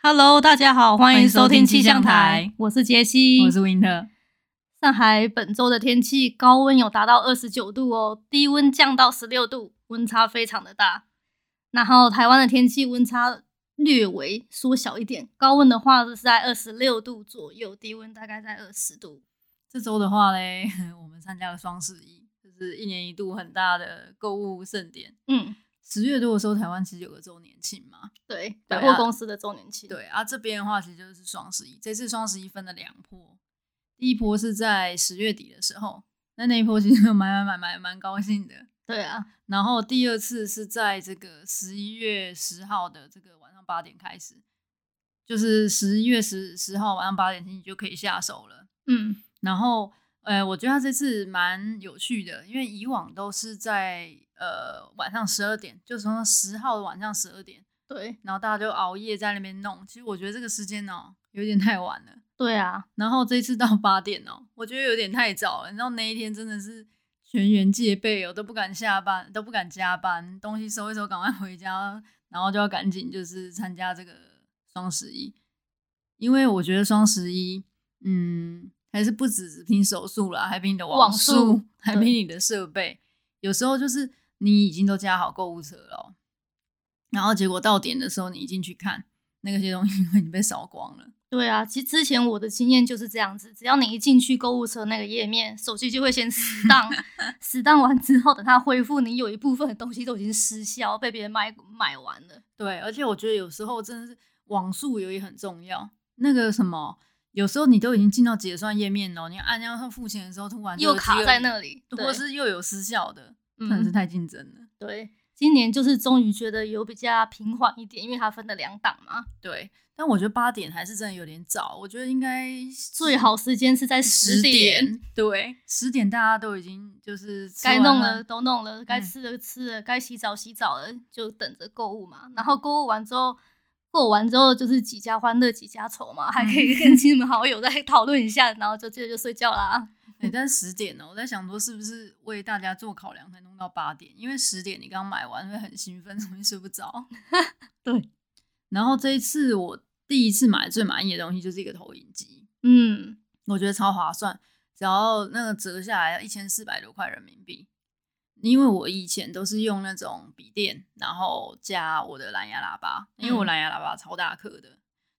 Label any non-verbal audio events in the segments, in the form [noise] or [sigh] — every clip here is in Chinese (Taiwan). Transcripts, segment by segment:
Hello，大家好，歡迎收聽氣象台，我是傑西，我是 Winter。上海本週的天氣高溫有達到二十九度哦，低溫降到十六度，溫差非常的大。然後台灣的天氣溫差略微縮小一點，高溫的話是在二十六度左右，低溫大概在二十度。這週的話嘞，我們參加了雙十一，就是一年一度很大的購物盛典。嗯。十月多的時候，台灣其實有個週年慶嘛，對，百貨公司的週年慶。對啊，對啊這邊的話其實就是雙十一。這次雙十一分了兩波，第一波是在十月底的時候，那那一波其實買買買買蠻高興的。對啊，然後第二次是在這個十一月十號的這個晚上八點開始，就是十一月十十號晚上八點起你就可以下手了。嗯，然後呃，我覺得他這次蠻有趣的，因為以往都是在。呃，晚上十二點，就是十號的晚上十二點，對，然後大家就熬夜在那邊弄。其實我覺得這個時間呢、哦，有點太晚了。對啊，然後這一次到八點哦，我覺得有點太早了。然後那一天真的是全員戒備，我都不敢下班，都不敢加班，東西收一收，趕快回家，然後就要趕緊就是參加這個雙十一。因為我覺得雙十一，嗯，還是不止只拼手速了，還拼你的網速，還拼你的設備。有時候就是。你已經都加好購物車了喔，然後結果到點的時候，你一進去看，那些東西因為你被掃光了。對啊，其實之前我的經驗就是這樣子，只要你一進去購物車那個頁面，手機就會先死當， [laughs] 死當完之後等它恢復，你有一部分的東西都已經失效，被別人買買完了。對，而且我覺得有時候真的是網速有也很重要。那個什麼，有時候你都已經進到結算頁面了，你按它付錢的時候，突然 G2，又卡在那裡，或是又有失效的。真的是太競爭了、嗯。對，今年就是終於覺得有比較平緩一點，因為它分了兩檔嘛。對，但我覺得八點還是真的有點早，我覺得應該最好時間是在十點，十點。對，十點大家都已經就是了該弄的都弄了，該吃的吃了、嗯，該洗澡洗澡了，就等着購物嘛。然後購物完之後，購完之後就是幾家歡樂幾家愁嘛，還可以跟親朋好友再討論一下、嗯，然後就接着就睡覺啦。誒、欸，但十點呢？我在想說，是不是為大家做考量才弄到八點？因為十點你剛買完會很興奮，容易睡不着。 [laughs] 對。然後這一次我第一次買最滿意的東西就是一個投影機，嗯，我覺得超划算，然後那個折下來要一千四百多塊人民幣。因為我以前都是用那種筆電，然後加我的藍牙喇叭，因為我藍牙喇叭超大顆的。嗯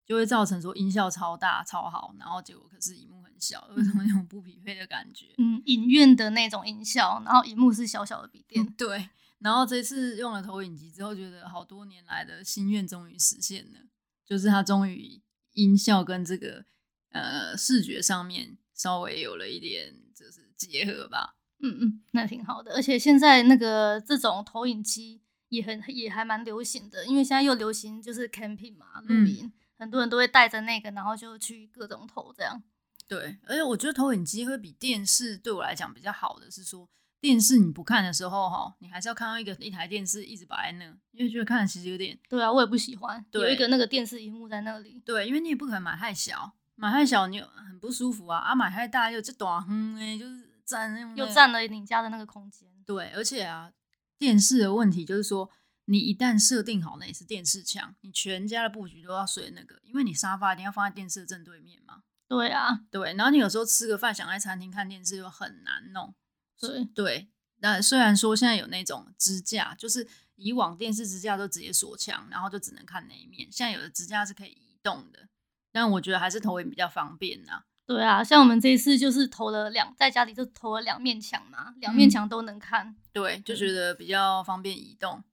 就會造成說音效超大超好，然後結果可是熒幕很小， [laughs] 有一種那種不匹配的感覺。嗯，影院的那種音效，然後熒幕是小小的筆電、嗯。對，然後這次用了投影機之後，覺得好多年來的心願終於實現了，就是它終於音效跟這個呃視覺上面稍微有了一點就是結合吧。嗯嗯，那挺好的。而且現在那個這種投影機也很也還蠻流行的，因為現在又流行就是 camping 嘛，露、嗯、營。很多人都會帶着那個，然後就去各種投這樣。對，而且我覺得投影機會比電視對我來講比較好的是說，電視你不看的時候，哈、哦，你還是要看到一個一台電視一直擺在那，因為覺得看其實有點。對啊，我也不喜歡有一個那個電視螢幕在那裡。對，因為你也不可能買太小，買太小你又很不舒服啊。啊，買太大又這短，哼，哎，就是佔又佔了你家的那個空間。對，而且啊，電視的問題就是說。你一旦設定好，那也是電視牆，你全家的布局都要隨那個，因為你沙發一定要放在電視的正對面嘛。對啊，對。然後你有時候吃個飯想在餐廳看電視就很難弄。對對。那雖然說現在有那種支架，就是以往電視支架都直接鎖牆，然後就只能看那一面。現在有的支架是可以移動的，但我覺得還是投影比較方便吶。對啊，像我們這一次就是投了兩，在家裡就投了兩面牆嘛，兩面牆都能看、嗯。對，就覺得比較方便移動。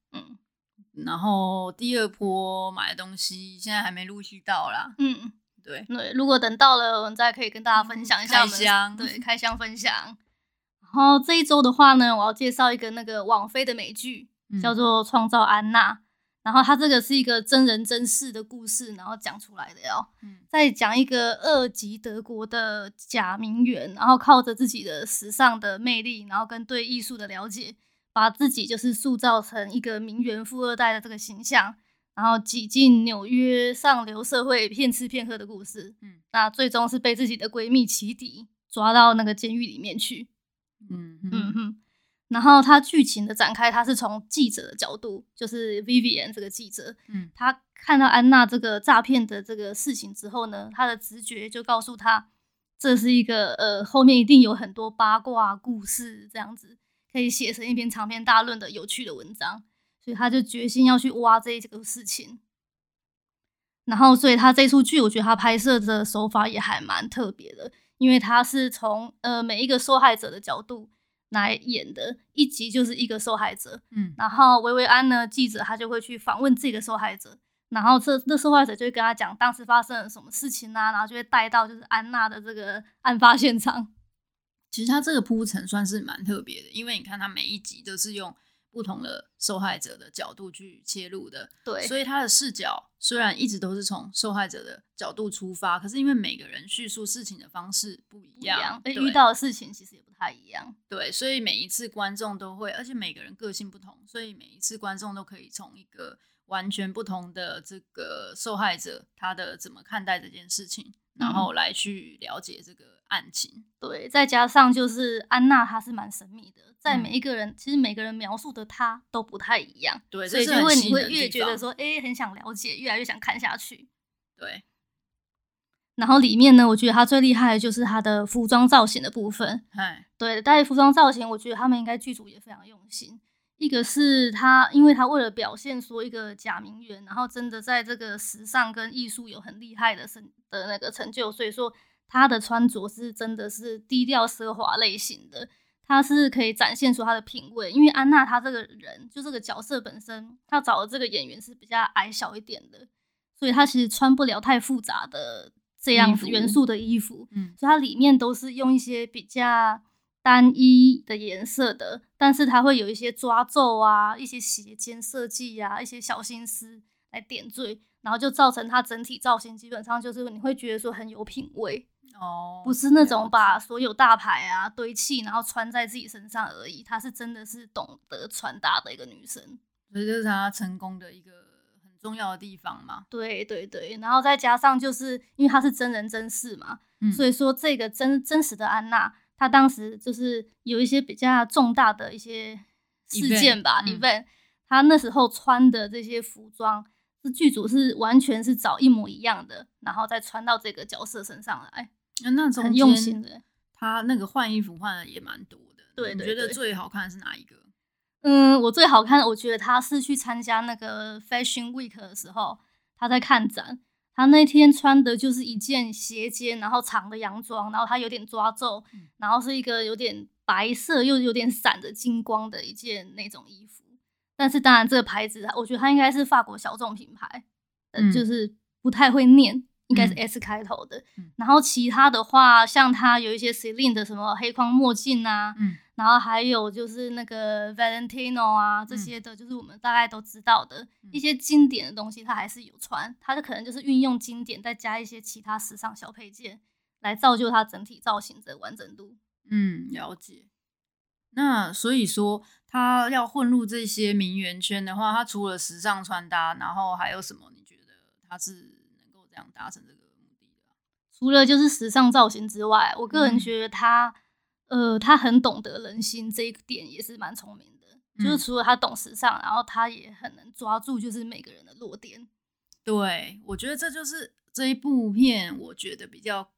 然後第二波買的東西現在還沒陸續到啦。嗯對，那如果等到了，我們再可以跟大家分享一下。開箱。對，開箱分享。然後這一周的話呢，我要介紹一個那個網飛的美劇，叫做《創造安娜》嗯。然後它這個是一個真人真事的故事，然後講出來的哦、嗯。再講一個俄籍德國的假名媛，然後靠着自己的時尚的魅力，然後跟對藝術的了解。把自己就是塑造成一個名媛富二代的這個形象，然後擠進紐約上流社會騙吃騙喝的故事，嗯。那最終是被自己的閨蜜起底抓到那個監獄裡面去。嗯嗯。然後他劇情的展開，他是從記者的角度，就是 Vivian 這個記者，嗯，他看到安娜這個詐騙的這個事情之後呢，他的直覺就告訴他，這是一個呃，後面一定有很多八卦故事這樣子。可以寫成一篇長篇大論的有趣的文章，所以他就決心要去挖這一件事情。然後，所以他這出劇，我覺得他拍攝的手法也還蠻特別的，因為他是從呃每一個受害者的角度來演的，一集就是一個受害者。嗯，然後薇薇安呢，記者他就會去訪問自己的受害者，然後這那受害者就會跟他講當時發生了什麼事情啊，然後就會帶到就是安娜的這個案發現場。其實它這個鋪陳算是蠻特別的，因為你看它每一集都是用不同的受害者的角度去切入的，對，所以他的視角雖然一直都是從受害者的角度出發，可是因為每個人敘述事情的方式不一樣，一樣，對，欸，遇到的事情其實也不太一樣，對，所以每一次觀眾都會，而且每個人個性不同，所以每一次觀眾都可以從一個完全不同的這個受害者他的怎麼看待這件事情。然後來去了解這個案情、嗯，對，再加上就是安娜她是蠻神秘的，在每一個人、嗯、其實每個人描述的她都不太一樣，對，所以就會你會越覺得說，哎、欸，很想了解，越來越想看下去，對。然後裡面呢，我覺得她最厲害的就是她的服裝造型的部分，對，但是服裝造型我覺得他們應該劇組也非常用心。一個是他，因為他為了表現說一個假名媛，然後真的在這個時尚跟藝術有很厲害的成的那個成就，所以說他的穿着是真的是低調奢華類型的。他是可以展現出他的品味，因為安娜她這個人就這個角色本身，他找的這個演員是比較矮小一點的，所以他其實穿不了太複雜的這樣子元素的衣服，衣服嗯，所以它裡面都是用一些比較。單一的顏色的，但是它會有一些抓皺啊，一些斜肩設計呀，一些小心思來點綴，然後就造成它整體造型基本上就是你會覺得說很有品位哦，不是那種把所有大牌啊堆砌，然後穿在自己身上而已，她是真的是懂得穿搭的一個女生，所以這是她成功的一個很重要的地方嘛。對對對，然後再加上就是因為她是真人真事嘛，嗯，所以說這個真真實的安娜。他當時就是有一些比較重大的一些事件吧，Event、嗯。他那時候穿的這些服裝、嗯，是劇組是完全是找一模一樣的，然後再穿到這個角色身上來。啊、那種很用心的。他那個換衣服換的也蠻多的。對，對，對，你覺得最好看是哪一個？嗯，我最好看，我覺得他是去參加那個 Fashion Week 的時候，他在看展。他那天穿的就是一件斜肩，然後長的洋裝，然後他有點抓皺、嗯，然後是一個有點白色又有點閃的金光的一件那種衣服。但是當然這個牌子，我覺得它應該是法國小眾品牌，嗯、呃，就是不太會念，應該是 S 開頭的、嗯。然後其他的話，像他有一些 Celine 的什麼黑框墨鏡啊，嗯然後還有就是那個 Valentino 啊，這些的，就是我們大概都知道的、嗯、一些經典的東西，他還是有穿、嗯，他就可能就是運用經典，再加一些其他時尚小配件，來造就他整體造型的完整度。嗯，了解。那所以說他要混入這些名媛圈的話，他除了時尚穿搭，然後還有什麼？你覺得他是能夠這樣達成這個目的的？除了就是時尚造型之外，我個人覺得他，嗯，他呃，他很懂得人心，這一點也是蠻聰明的、嗯。就是除了他懂時尚，然後他也很能抓住就是每個人的弱點。對，我覺得這就是這一部片，我覺得比較，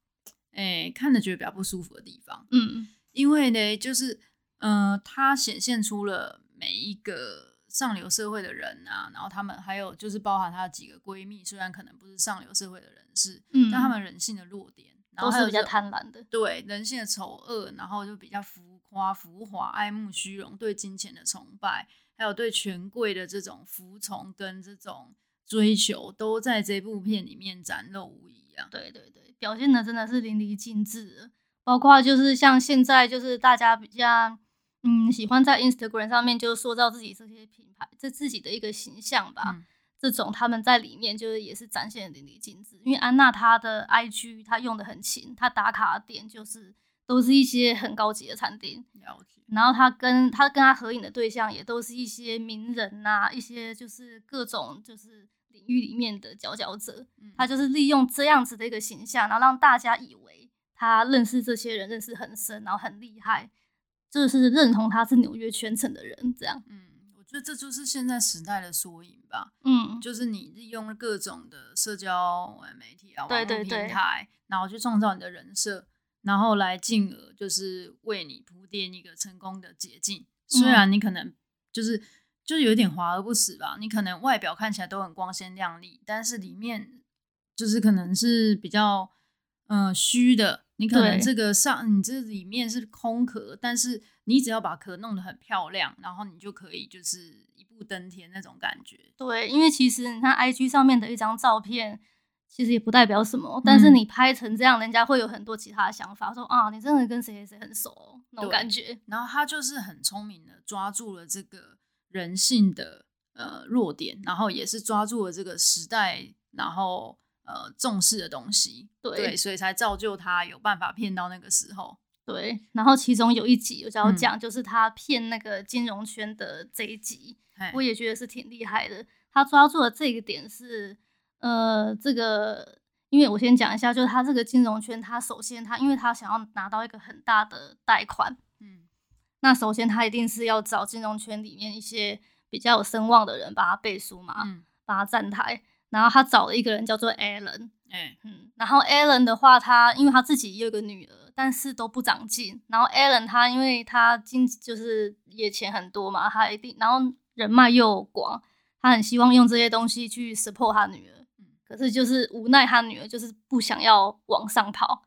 哎、欸，看着覺得比較不舒服的地方。嗯，因為呢，就是，呃，他顯現出了每一個上流社會的人啊，然後他們還有就是包含他幾個閨蜜，雖然可能不是上流社會的人士，嗯、但他們人性的弱點。都是比較貪婪的，對人性的醜惡，然後就比較浮誇、浮華、愛慕虛榮，對金錢的崇拜，還有對權貴的這種服從跟這種追求，都在這部片裡面展露無遺啊！對對對，表現的真的是淋漓盡致。包括就是像現在就是大家比較，嗯，喜歡在 Instagram 上面就塑造自己這些品牌這自己的一個形象吧。嗯這種他們在裡面就是也是展現的淋漓盡致，因為安娜她的 IG 她用的很勤，她打卡點就是都是一些很高級的餐廳，了解。然後她跟她跟她合影的對象也都是一些名人吶、啊，一些就是各種就是領域裡面的佼佼者、嗯，她就是利用這樣子的一個形象，然後讓大家以為他認識這些人，認識很深，然後很厲害，就是認同他是紐約圈層的人，這樣，嗯。就這就是現在時代的縮影吧，嗯，嗯，就是你利用各種的社交媒體啊，網絡平台，對對對，然後去創造你的人設，然後來進而就是為你鋪墊一個成功的捷徑。嗯。雖然你可能就是就是有點華而不實吧，你可能外表看起來都很光鮮亮麗，但是裡面就是可能是比較嗯，虛，呃，的。你可能這個上你這裡面是空殼，但是你只要把殼弄得很漂亮，然後你就可以就是一步登天那種感覺。對，因為其實你看 IG 上面的一張照片，其實也不代表什麼，但是你拍成這樣，嗯、人家會有很多其他想法，說啊你真的跟誰誰誰很熟那種感覺。然後他就是很聰明的抓住了這個人性的呃弱點，然後也是抓住了這個時代，然後。呃，重視的東西對，對，所以才造就他有辦法騙到那個時候。對，然後其中有一集我想要講、嗯，就是他騙那個金融圈的這一集，嗯、我也覺得是挺厲害的。他抓住了這個點是，呃，這個因為我先講一下，就是他這個金融圈，他首先他因為他想要拿到一個很大的貸款，嗯，那首先他一定是要找金融圈裡面一些比較有聲望的人幫他背書嘛，嗯、把幫他站台。然後他找了一個人叫做 Alan，哎、嗯，嗯，然後 Alan 的話他，他因為他自己也有個女兒，但是都不長進。然後 Alan 他因為他經就是也錢很多嘛，他一定，然後人脈又廣，他很希望用這些東西去 support 他女兒。可是就是無奈他女兒就是不想要往上跑。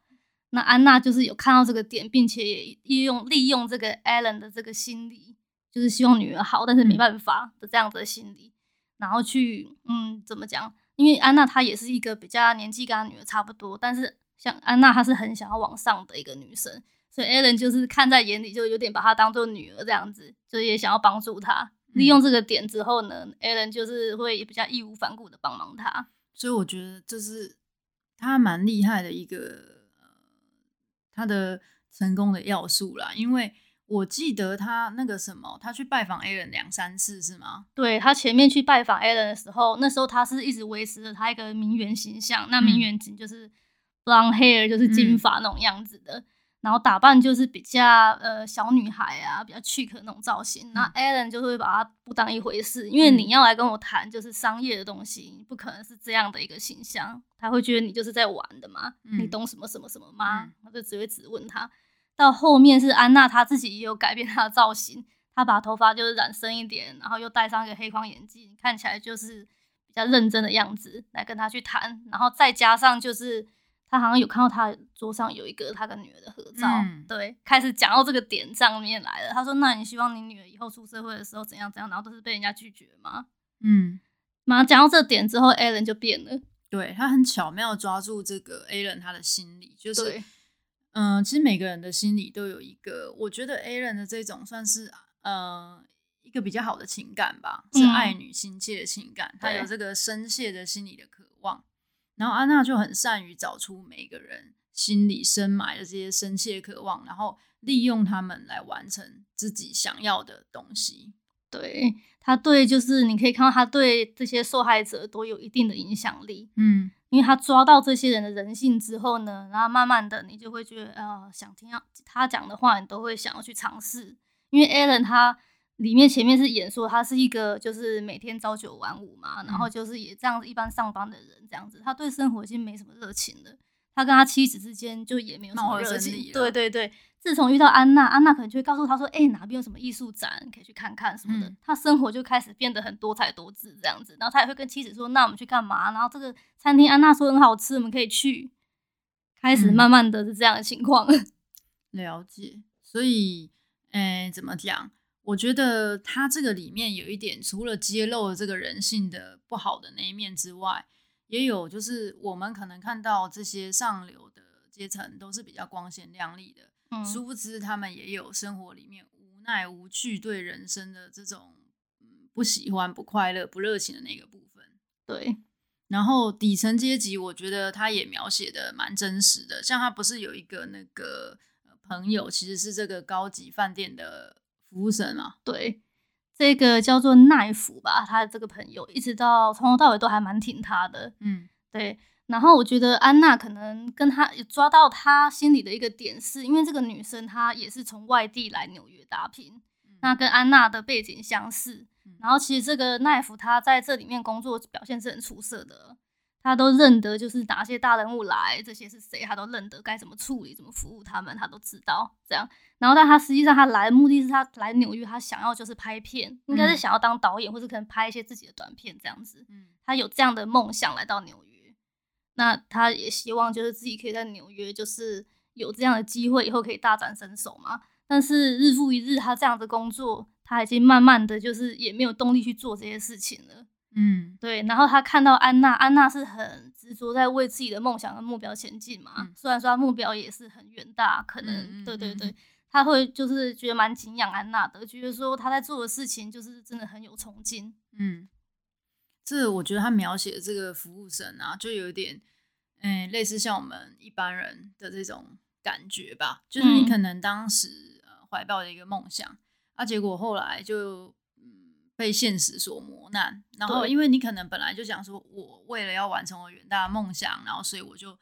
那安娜就是有看到這個點，並且也利用利用這個 Alan 的這個心理，就是希望女兒好，但是沒辦法的這樣子的心理。然後去，嗯，怎麼講？因為安娜她也是一個比較年紀跟她女兒差不多，但是像安娜她是很想要往上的一個女生，所以 Alan 就是看在眼裡，就有點把她當做女兒這樣子，就也想要幫助她。利用這個點之後呢，嗯，Alan 就是會比較義無反顧的幫忙她。所以我覺得這是他蠻厲害的一個他的成功的要素啦，因為。我記得他那個什麼，他去拜訪 Alan 兩三次是嗎？對，他前面去拜訪 Alan 的時候，那時候他是一直維持着他一個名媛形象。嗯、那名媛就是 blonde hair，就是金髮那種樣子的、嗯，然後打扮就是比較呃小女孩啊，比較 chic 那種造型。那、嗯、Alan 就會把他不當一回事，因為你要來跟我談就是商業的東西，不可能是這樣的一個形象。他會覺得你就是在玩的嘛，嗯、你懂什麼什麼什麼嗎？嗯、他就只會質問他。到後面是安娜，她自己也有改變她的造型，她把她頭髮就是染深一點，然後又戴上一個黑框眼鏡，看起來就是比較認真的樣子來跟她去談。然後再加上就是她好像有看到她桌上有一個她跟女兒的合照，嗯、對，開始講到這個點上面來了。她說：“那你希望你女兒以後出社會的時候怎樣怎樣，然後都是被人家拒絕嗎？”嗯，馬上講到這點之後，Alan 就變了。對，她很巧妙抓住這個 Alan 她的心理，就是。嗯，其實每個人的心裡都有一個，我覺得 A 人的這種算是呃一個比較好的情感吧，是愛女心切的情感，他、嗯、有這個深切的心理的渴望、啊，然後安娜就很善於找出每個人心裡深埋的這些深切的渴望，然後利用他們來完成自己想要的東西。對他對，就是你可以看到他對這些受害者都有一定的影響力。嗯，因為他抓到這些人的人性之後呢，然後慢慢的你就會覺得，呃，想聽到他講的話，你都會想要去嘗試。因為 Alan 他裡面前面是演說，他是一個就是每天朝九晚五嘛，嗯、然後就是也這樣子一般上班的人這樣子，他對生活已經沒什麼熱情了。他跟他妻子之間就也沒有什麼熱情，熱情，對對對。自從遇到安娜，安娜可能就會告訴他說：“哎、欸，哪邊有什麼藝術展你可以去看看什麼的。嗯”他生活就開始變得很多彩多姿這樣子。然後他也會跟妻子說：“那我們去幹嘛？”然後這個餐廳安娜說很好吃，我們可以去。開始慢慢的是這樣的情況，嗯、了解。所以，哎，怎麼講？我覺得他這個裡面有一點，除了揭露了這個人性的不好的那一面之外。也有，就是我們可能看到這些上流的階層都是比較光鮮亮麗的，嗯，殊不知他們也有生活裡面無奈、無趣，對人生的這種、嗯，不喜歡、不快樂、不熱情的那個部分。對，然後底層階級，我覺得他也描寫的蠻真實的，像他不是有一個那個朋友，嗯、其實是這個高級飯店的服務生嘛，對。這個叫做奈福吧，他的這個朋友，一直到從頭到尾都還蠻挺他的，嗯，對。然後我覺得安娜可能跟他抓到他心裡的一個點是，是因為這個女生她也是從外地來紐約打拼，嗯，那跟安娜的背景相似。嗯，然後其實這個奈福她在這裡面工作表現是很出色的。他都認得，就是哪些大人物來，這些是誰，他都認得。該怎麼處理，怎麼服務他們，他都知道。這樣，然後，但他實際上他來的目的是他來紐約，他想要就是拍片，應該是想要當導演，嗯，或是可能拍一些自己的短片這樣子。他有這樣的夢想來到紐約，嗯，那他也希望就是自己可以在紐約就是有這樣的機會，以後可以大展身手嘛。但是日復一日，他這樣的工作，他已經慢慢的就是也沒有動力去做這些事情了。嗯，對，然後他看到安娜，安娜是很執着在為自己的夢想跟目標前進嘛、嗯。雖然說他目標也是很遠大，可能、嗯、對對對，他會就是覺得蠻敬仰安娜的，覺得說他在做的事情就是真的很有衝勁。嗯，這我覺得他描寫的，這個服務生啊，就有點嗯、欸、類似像我們一般人的這種感覺吧，就是你可能當時懷抱的一個夢想、嗯，啊，結果後來就。被現實所磨難，然後因為你可能本來就想說，我為了要完成我遠大的夢想，然後所以我就，誒，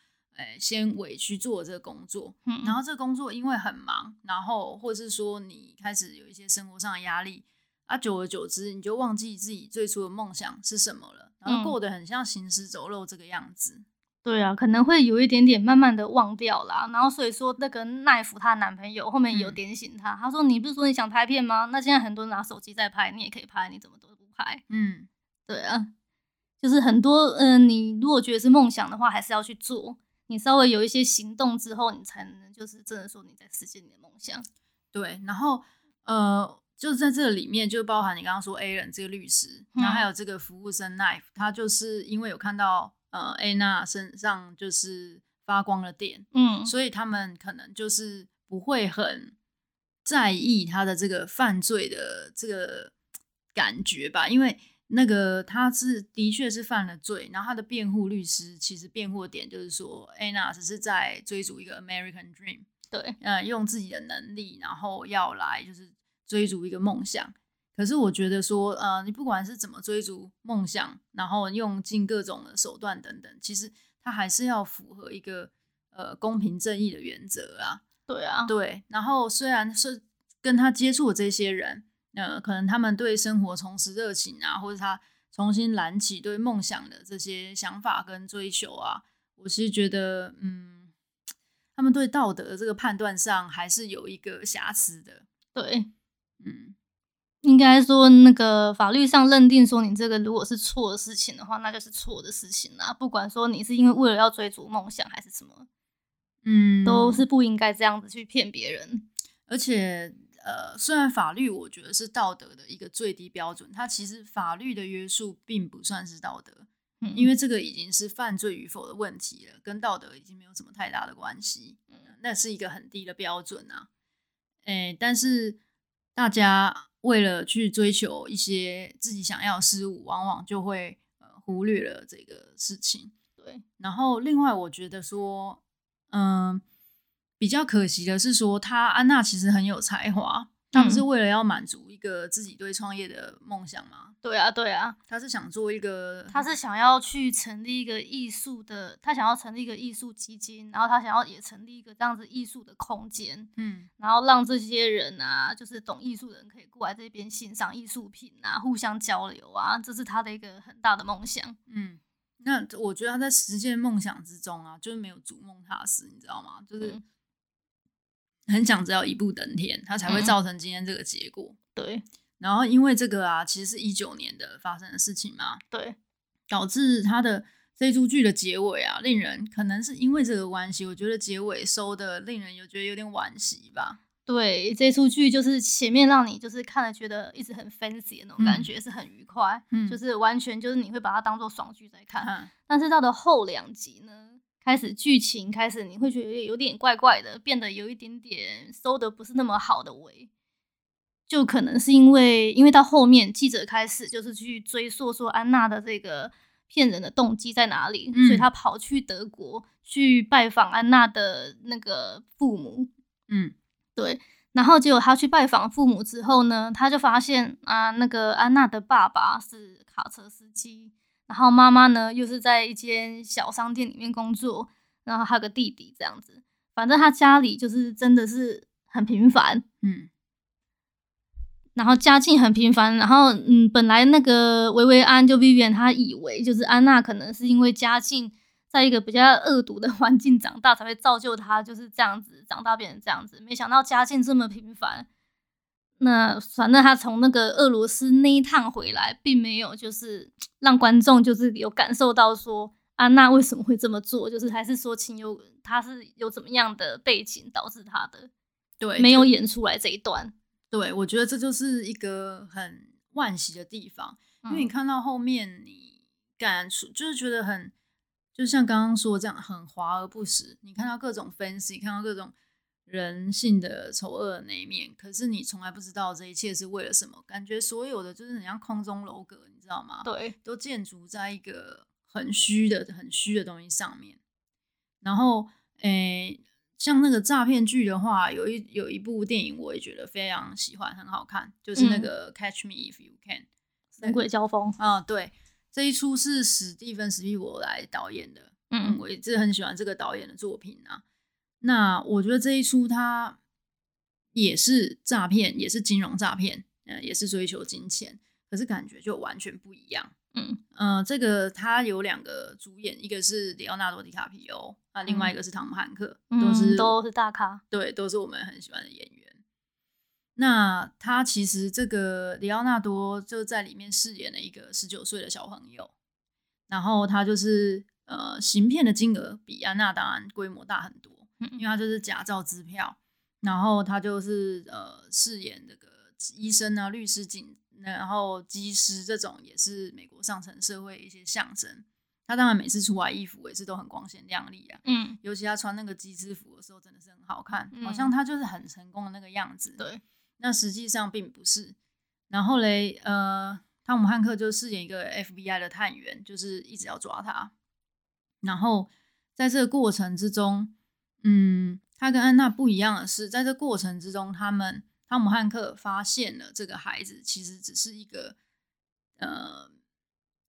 先委屈做這個工作，嗯，然後這個工作因為很忙，然後或者是說你開始有一些生活上的壓力，啊，久而久之你就忘記自己最初的夢想是什麼了，然後過得很像行屍走肉這個樣子。嗯對啊，可能會有一點點慢慢的忘掉了，然後所以說那個奈夫他男朋友後面有點醒他，嗯、他說：“你不是說你想拍片嗎？那現在很多人拿手機在拍，你也可以拍，你怎麼都不拍？”嗯，對啊，就是很多，嗯、呃，你如果覺得是夢想的話，還是要去做，你稍微有一些行動之後，你才能就是真的說你在實現你的夢想。對，然後呃，就是在這裡面就包含你剛剛說 Alan 這個律師、嗯，然後還有這個服務生奈夫，他就是因為有看到。呃，安娜身上就是發光的點，嗯，所以他們可能就是不會很在意他的這個犯罪的這個感覺吧，因為那個他是的確是犯了罪，然後他的辯護律師其實辯護的點就是說，安娜只是在追逐一個 American Dream，對，嗯、呃，用自己的能力，然後要來就是追逐一個夢想。可是我覺得說，呃，你不管是怎麼追逐夢想，然後用盡各種的手段等等，其實他還是要符合一個呃公平正義的原則啊。對啊，對。然後雖然是跟他接觸的這些人，呃，可能他們對生活重拾熱情啊，或者他重新燃起對夢想的這些想法跟追求啊，我其實覺得，嗯，他們對道德這個判斷上還是有一個瑕疵的。對，嗯。應該說，那個法律上認定說你這個如果是錯的事情的話，那就是錯的事情啦。不管說你是因為為了要追逐夢想還是什麼，嗯，都是不應該這樣子去騙別人。而且，呃，雖然法律我覺得是道德的一個最低標準，它其實法律的約束並不算是道德，嗯，因為這個已經是犯罪與否的問題了，跟道德已經沒有什麼太大的關係。嗯，那是一個很低的標準啊。誒、欸，但是大家。為了去追求一些自己想要的事物，往往就會呃忽略了這個事情。對，然後另外我覺得說，嗯，比較可惜的是說，他安娜其實很有才華，但不是為了要滿足。嗯一個自己對創業的夢想嗎？對啊，對啊，他是想做一個，他是想要去成立一個藝術的，他想要成立一個藝術基金，然後他想要也成立一個這樣子藝術的空間，嗯，然後讓這些人啊，就是懂藝術的人可以過來這邊欣賞藝術品啊，互相交流啊，這是他的一個很大的夢想。嗯，那我覺得他在實踐夢想之中啊，就是沒有築夢踏實，你知道嗎？就是很想只要一步登天，他才會造成今天這個結果。嗯對，然後因為這個啊，其實是一九年的發生的事情嘛，對，導致它的這出劇的結尾啊，令人，可能是因為這個關係，我覺得結尾收的令人有覺得有點惋惜吧。對，這出劇就是前面讓你就是看了覺得一直很 fancy 的那種感覺、嗯、是很愉快，嗯，就是完全就是你會把它當做爽劇在看，嗯，但是到了後兩集呢，開始劇情開始你會覺得有點怪怪的，變得有一點點收的不是那麼好的尾。就可能是因為，因為到後面記者開始就是去追溯說安娜的這個騙人的動機在哪裡、嗯，所以他跑去德國去拜訪安娜的那個父母。嗯，對。然後結果他去拜訪父母之後呢，他就發現啊，那個安娜的爸爸是卡車司機，然後媽媽呢又是在一間小商店裡面工作，然後還有個弟弟，這樣子，反正他家裡就是真的是很平凡。嗯。然後家境很平凡，然後嗯，本來那個維維安就維維安，她以為就是安娜可能是因為家境在一個比較惡毒的環境長大，才會造就她就是這樣子長大變成這樣子。沒想到家境這麼平凡，那反正她從那個俄羅斯那一趟回來，並沒有就是讓觀眾就是有感受到說安娜為什麼會這麼做，就是還是說情有她是有怎麼樣的背景導致她的，對，沒有演出來這一段。對，我覺得這就是一個很惋惜的地方，嗯，因為你看到後面，你感觸就是覺得很，就像剛剛說這樣，很華而不實。你看到各種分析，看到各種人性的醜惡的那一面，可是你從來不知道這一切是為了什麼，感覺所有的就是很像空中樓閣，你知道嗎？對，都建築在一個很虛的、很虛的東西上面。然後，誒。像那個詐騙劇的話，有一有一部電影我也覺得非常喜歡，很好看，就是那個《Catch Me If You Can、嗯》神鬼交鋒啊、嗯嗯，對，這一出是史蒂芬史匹柏導演的，嗯，我一直很喜歡這個導演的作品啊。那我覺得這一出它也是詐騙，也是金融詐騙，嗯、呃，也是追求金錢，可是感覺就完全不一樣。嗯、呃，這個他有兩個主演，一個是里奧納多·迪卡皮歐、嗯，啊，另外一個是湯姆·漢、嗯、克，都是都是大咖，對，都是我們很喜歡的演員。那他其實這個里奧納多就在裡面飾演了一個十九歲的小朋友，然後他就是呃行騙的金額比安娜當然規模大很多。嗯嗯，因為他就是假造支票，然後他就是呃飾演這個醫生啊、律師、警。然後，機師這種也是美國上層社會一些象徵。他當然每次出來衣服也是都很光鮮亮麗啊。嗯，尤其他穿那個機師服的時候，真的是很好看，嗯，好像他就是很成功的那個樣子。對，嗯，那實際上並不是。然後嘞，呃，湯姆漢克就飾演一個 FBI 的探員，就是一直要抓他。然後，在這個過程之中，嗯，他跟安娜不一樣的是，在這個過程之中，他們。湯姆漢克發現了這個孩子，其實只是一個呃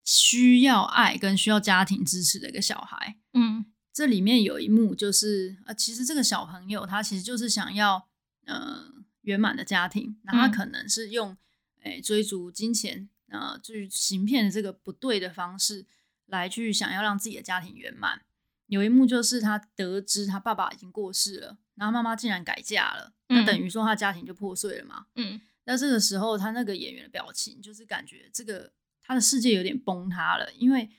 需要愛跟需要家庭支持的一個小孩。嗯，這裡面有一幕就是，呃，其實這個小朋友他其實就是想要呃圓滿的家庭，那他可能是用哎、嗯、追逐金錢啊、呃、去行騙的這個不對的方式來去想要讓自己的家庭圓滿。有一幕就是他得知他爸爸已經過世了，然後他媽媽竟然改嫁了，那等於說他家庭就破碎了嘛。嗯，那這個時候他那個演員的表情，就是感覺這個他的世界有點崩塌了，因為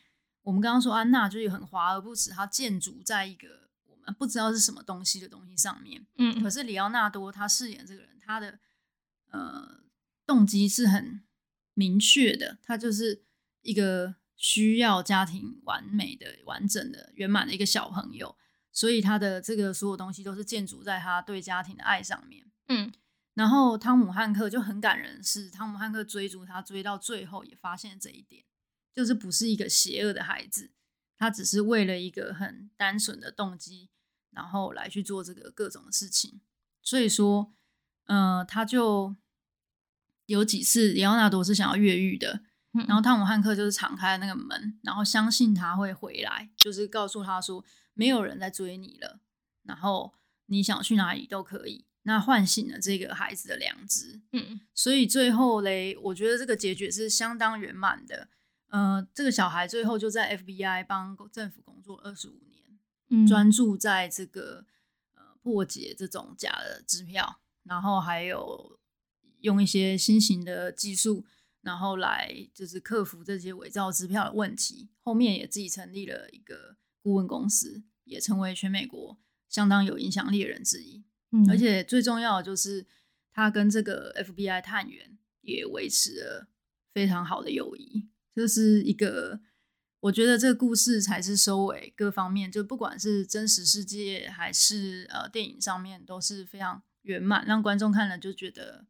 我們剛剛說安娜就是很華而不實，他建築在一個我們不知道是什麼東西的東西上面。嗯，可是里奧納多他飾演的這個人，他的呃動機是很明確的，他就是一個。需要家庭完美的、完整的、圓滿的一個小朋友，所以他的這個所有東西都是建築在他對家庭的愛上面。嗯，然後湯姆漢克就很感人，是湯姆漢克追逐他追到最後，也發現這一點，就是不是一個邪惡的孩子，他只是為了一個很單純的動機，然後來去做這個各種事情。所以說，嗯、呃，他就有幾次，李奧納多是想要越獄的。然後湯姆漢克就是敞開那個門，然後相信他會回來，就是告訴他說沒有人在追你了，然後你想去哪裡都可以。那喚醒了這個孩子的良知。嗯嗯。所以最後嘞，我覺得這個結局是相當圓滿的。呃，這個小孩最後就在 FBI 幫政府工作二十五年，嗯，專注在這個呃破解這種假的支票，然後還有用一些新型的技術。然後來就是克服這些偽造支票的問題，後面也自己成立了一個顧問公司，也成為全美國相當有影響力的人之一。嗯，而且最重要的就是，他跟這個 FBI 探員也維持了非常好的友誼。就是一個我覺得這個故事才是收尾各方面，就不管是真實世界還是呃電影上面都是非常圓滿，讓觀眾看了就覺得。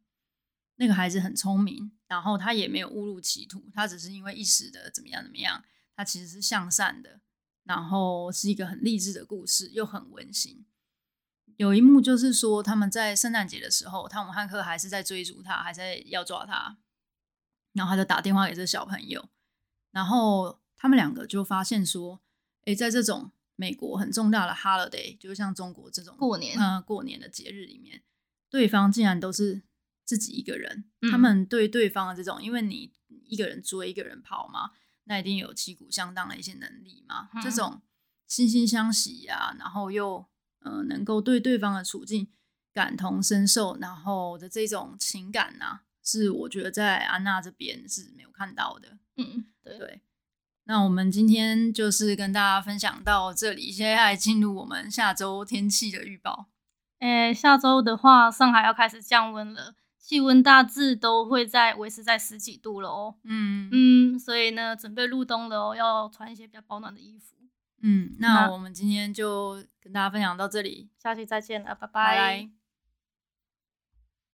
那個孩子很聰明，然後他也沒有誤入歧途，他只是因為一時的怎麼樣怎麼樣，他其實是向善的，然後是一個很勵志的故事，又很溫馨。有一幕就是說他們在聖誕節的時候，湯姆漢克還是在追逐他，還在要抓他，然後他就打電話給這小朋友，然後他們兩個就發現說，誒，在這種美國很重大的 holiday，就是像中國這種過年，嗯，過年的節日裡面，對方竟然都是。自己一個人、嗯，他們對對方的這種，因為你一個人追一個人跑嘛，那一定有旗鼓相當的一些能力嘛。嗯、這種惺惺相惜啊，然後又嗯、呃、能夠對對方的處境感同身受，然後的這種情感吶、啊，是我覺得在安娜這邊是沒有看到的。嗯，對。那我們今天就是跟大家分享到這裡，現在進入我們下周天氣的預報。誒、欸，下周的話，上海要開始降溫了。氣溫大致都會在維持在十幾度了哦，嗯嗯，所以呢，準備入冬了哦，要穿一些比較保暖的衣服。嗯，那，那我們今天就跟大家分享到這裡，下期再見了，拜拜。Bye.